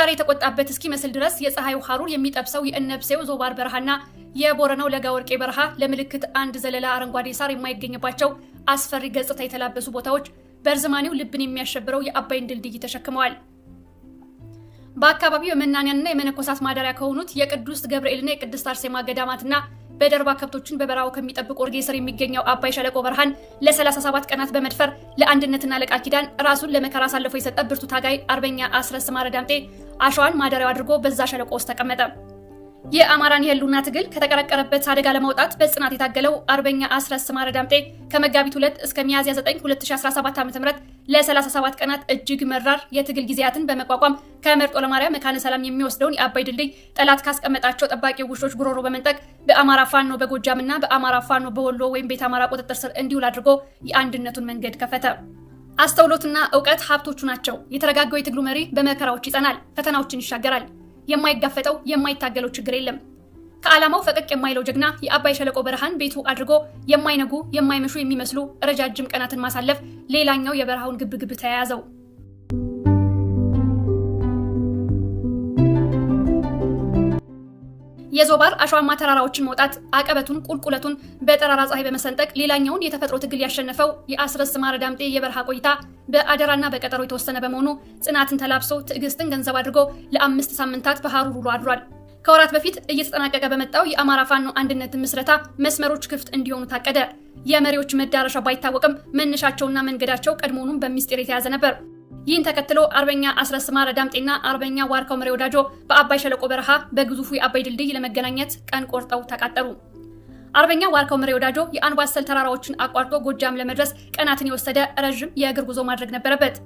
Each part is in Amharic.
ፈጣሪ የተቆጣበት እስኪመስል ድረስ የፀሐዩ ሐሩር የሚጠብሰው የእነብሴው ዞባር በረሃና የቦረናው ለጋ ወርቄ በረሃ ለምልክት አንድ ዘለላ አረንጓዴ ሳር የማይገኝባቸው አስፈሪ ገጽታ የተላበሱ ቦታዎች በእርዝማኔው ልብን የሚያሸብረው የአባይን ድልድይ ተሸክመዋል። በአካባቢው የመናንያንና የመነኮሳት ማደሪያ ከሆኑት የቅዱስ ገብርኤልና የቅድስት አርሴማ ገዳማትና በደርባ ከብቶችን በበረሃው ከሚጠብቅ ኦርጌ ስር የሚገኘው አባይ ሸለቆ በርሃን ለ37 ቀናት በመድፈር ለአንድነትና ለቃል ኪዳን ራሱን ለመከራ አሳልፎ የሰጠ ብርቱ ታጋይ አርበኛ አስረስ ማረ ዳምጤ አሸዋን ማደሪያው አድርጎ በዛ ሸለቆ ውስጥ ተቀመጠ። የአማራን የህልውና ትግል ከተቀረቀረበት አደጋ ለማውጣት በጽናት የታገለው አርበኛ አስረስ ማረ ዳምጤ ከመጋቢት 2 እስከ ሚያዝያ 9 2017 ዓ ም ለ37 ቀናት እጅግ መራር የትግል ጊዜያትን በመቋቋም ከመርጦ ለማርያም መካነ ሰላም የሚወስደውን የአባይ ድልድይ ጠላት ካስቀመጣቸው ጠባቂ ውሾች ጉሮሮ በመንጠቅ በአማራ ፋኖ በጎጃምና በአማራ ፋኖ በወሎ ወይም ቤተ አማራ ቁጥጥር ስር እንዲውል አድርጎ የአንድነቱን መንገድ ከፈተ። አስተውሎትና እውቀት ሀብቶቹ ናቸው። የተረጋጋው የትግሉ መሪ በመከራዎች ይጸናል፣ ፈተናዎችን ይሻገራል። የማይጋፈጠው የማይታገለው ችግር የለም። ከዓላማው ፈቀቅ የማይለው ጀግና የአባይ ሸለቆ በረሃን ቤቱ አድርጎ የማይነጉ የማይመሹ የሚመስሉ ረጃጅም ቀናትን ማሳለፍ ሌላኛው የበረሃውን ግብግብ ተያያዘው። የዞባር አሸዋማ ተራራዎችን መውጣት አቀበቱን ቁልቁለቱን በጠራራ ፀሐይ በመሰንጠቅ ሌላኛውን የተፈጥሮ ትግል ያሸነፈው የአስረስ ማረ ዳምጤ የበረሃ ቆይታ በአደራና በቀጠሮ የተወሰነ በመሆኑ ጽናትን ተላብሶ ትዕግስትን ገንዘብ አድርጎ ለአምስት ሳምንታት በሀሩር ውሎ አድሯል። ከወራት በፊት እየተጠናቀቀ በመጣው የአማራ ፋኖ አንድነት ምስረታ መስመሮች ክፍት እንዲሆኑ ታቀደ። የመሪዎች መዳረሻ ባይታወቅም መነሻቸውና መንገዳቸው ቀድሞውኑም በሚስጢር የተያዘ ነበር። ይህን ተከትሎ አርበኛ አስረስ ማረ ዳምጤና አርበኛ ዋርካው መሬ ወዳጆ በአባይ ሸለቆ በረሃ በግዙፉ የአባይ ድልድይ ለመገናኘት ቀን ቆርጠው ተቃጠሉ። አርበኛ ዋርካው መሬ ወዳጆ የአንባሰል ተራራዎችን አቋርጦ ጎጃም ለመድረስ ቀናትን የወሰደ ረዥም የእግር ጉዞ ማድረግ ነበረበት።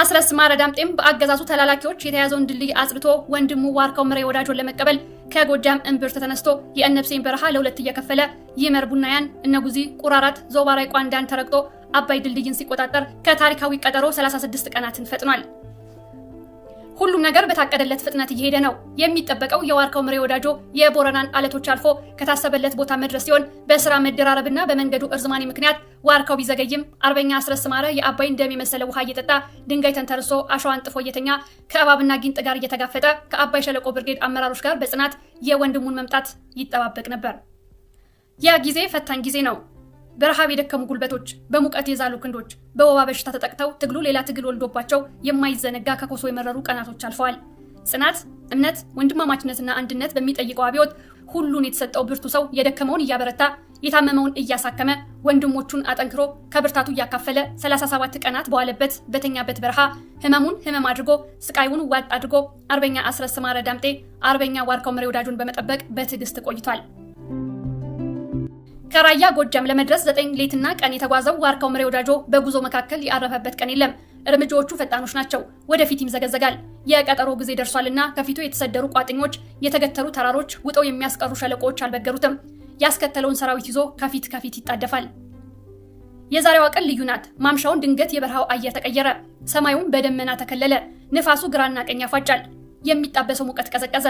አስረስ ማረ ዳምጤም በአገዛዙ ተላላኪዎች የተያዘውን ድልድይ አጽድቶ ወንድሙ ዋርካው መሬ ወዳጆን ለመቀበል ከጎጃም እምብርት ተነስቶ የእነብሴን በረሃ ለሁለት እየከፈለ ይመር ቡናያን፣ እነጉዚ፣ ቁራራት፣ ዞባራይ ቋንዳን ተረግጦ አባይ ድልድይን ሲቆጣጠር ከታሪካዊ ቀጠሮ 36 ቀናትን ፈጥኗል። ሁሉም ነገር በታቀደለት ፍጥነት እየሄደ ነው። የሚጠበቀው የዋርካው ምሬ ወዳጆ የቦረናን አለቶች አልፎ ከታሰበለት ቦታ መድረስ ሲሆን በስራ መደራረብና በመንገዱ እርዝማኔ ምክንያት ዋርካው ቢዘገይም አርበኛ አስረስ ማረ የአባይን ደም የመሰለ ውሃ እየጠጣ ድንጋይ ተንተርሶ አሸዋ ጥፎ እየተኛ ከእባብና ጊንጥ ጋር እየተጋፈጠ ከአባይ ሸለቆ ብርጌድ አመራሮች ጋር በጽናት የወንድሙን መምጣት ይጠባበቅ ነበር። ያ ጊዜ ፈታኝ ጊዜ ነው። በረሃብ የደከሙ ጉልበቶች፣ በሙቀት የዛሉ ክንዶች በወባ በሽታ ተጠቅተው ትግሉ ሌላ ትግል ወልዶባቸው የማይዘነጋ ከኮሶ የመረሩ ቀናቶች አልፈዋል። ጽናት፣ እምነት፣ ወንድማማችነትና አንድነት በሚጠይቀው አብዮት ሁሉን የተሰጠው ብርቱ ሰው የደከመውን እያበረታ የታመመውን እያሳከመ ወንድሞቹን አጠንክሮ ከብርታቱ እያካፈለ 37 ቀናት በዋለበት በተኛበት በረሃ ህመሙን ህመም አድርጎ ስቃዩን ዋጥ አድርጎ አርበኛ አስረስ ማረ ዳምጤ አርበኛ ዋርካው መሬ ወዳጁን በመጠበቅ በትዕግስት ቆይቷል። ከራያ ጎጃም ለመድረስ ዘጠኝ ሌትና ቀን የተጓዘው ዋርካው ምሬ ወዳጆ በጉዞ መካከል ያረፈበት ቀን የለም። እርምጃዎቹ ፈጣኖች ናቸው፣ ወደፊት ይምዘገዘጋል። የቀጠሮ ጊዜ ደርሷልና ከፊቱ የተሰደሩ ቋጥኞች፣ የተገተሩ ተራሮች፣ ውጠው የሚያስቀሩ ሸለቆዎች አልበገሩትም። ያስከተለውን ሰራዊት ይዞ ከፊት ከፊት ይጣደፋል። የዛሬዋ ቀን ልዩ ናት። ማምሻውን ድንገት የበረሃው አየር ተቀየረ። ሰማዩም በደመና ተከለለ። ንፋሱ ግራና ቀኝ ያፋጫል። የሚጣበሰው ሙቀት ቀዘቀዘ።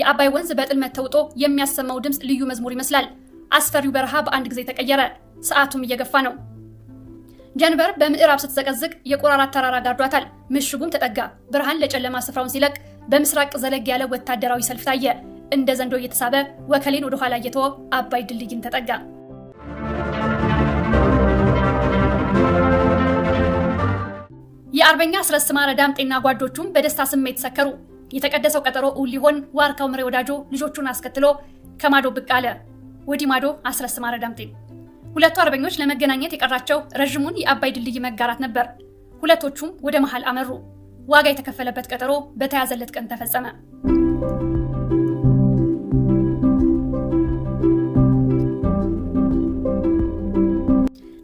የአባይ ወንዝ በጥልመት ተውጦ የሚያሰማው ድምፅ ልዩ መዝሙር ይመስላል። አስፈሪው በረሃ በአንድ ጊዜ ተቀየረ። ሰዓቱም እየገፋ ነው። ጀንበር በምዕራብ ስትዘቀዝቅ የቆራራት ተራራ ጋርዷታል። ምሽጉም ተጠጋ። ብርሃን ለጨለማ ስፍራውን ሲለቅ በምስራቅ ዘለግ ያለ ወታደራዊ ሰልፍ ታየ። እንደ ዘንዶ እየተሳበ ወከሌን ወደኋላ እየተወ አባይ ድልድይን ተጠጋ። የአርበኛ አስረስ ማረ ዳምጤና ጓዶቹም በደስታ ስሜት ሰከሩ። የተቀደሰው ቀጠሮ እውን ሊሆን ዋርካው ምሬ ወዳጆ ልጆቹን አስከትሎ ከማዶ ብቅ አለ። ወዲ ማዶ አስረስ ማረ ዳምጤ ሁለቱ አርበኞች ለመገናኘት የቀራቸው ረዥሙን የአባይ ድልድይ መጋራት ነበር። ሁለቶቹም ወደ መሃል አመሩ። ዋጋ የተከፈለበት ቀጠሮ በተያዘለት ቀን ተፈጸመ።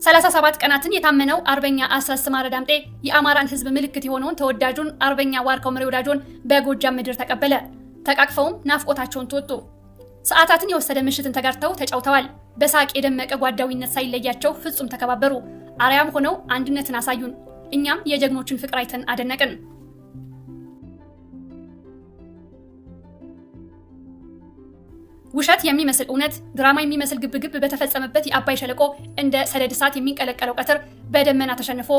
ሰላሳ ሰባት ቀናትን የታመነው አርበኛ አስረስ ማረ ዳምጤ የአማራን ሕዝብ ምልክት የሆነውን ተወዳጁን አርበኛ ዋርካው ምሬ ወዳጆን በጎጃም ምድር ተቀበለ። ተቃቅፈውም ናፍቆታቸውን ተወጡ። ሰዓታትን የወሰደ ምሽትን ተጋርተው ተጫውተዋል። በሳቅ የደመቀ ጓዳዊነት ሳይለያቸው ፍጹም ተከባበሩ። አርያም ሆነው አንድነትን አሳዩን። እኛም የጀግኖችን ፍቅር አይተን አደነቅን። ውሸት የሚመስል እውነት፣ ድራማ የሚመስል ግብግብ በተፈጸመበት የአባይ ሸለቆ እንደ ሰደድ እሳት የሚንቀለቀለው ቀትር በደመና ተሸንፎ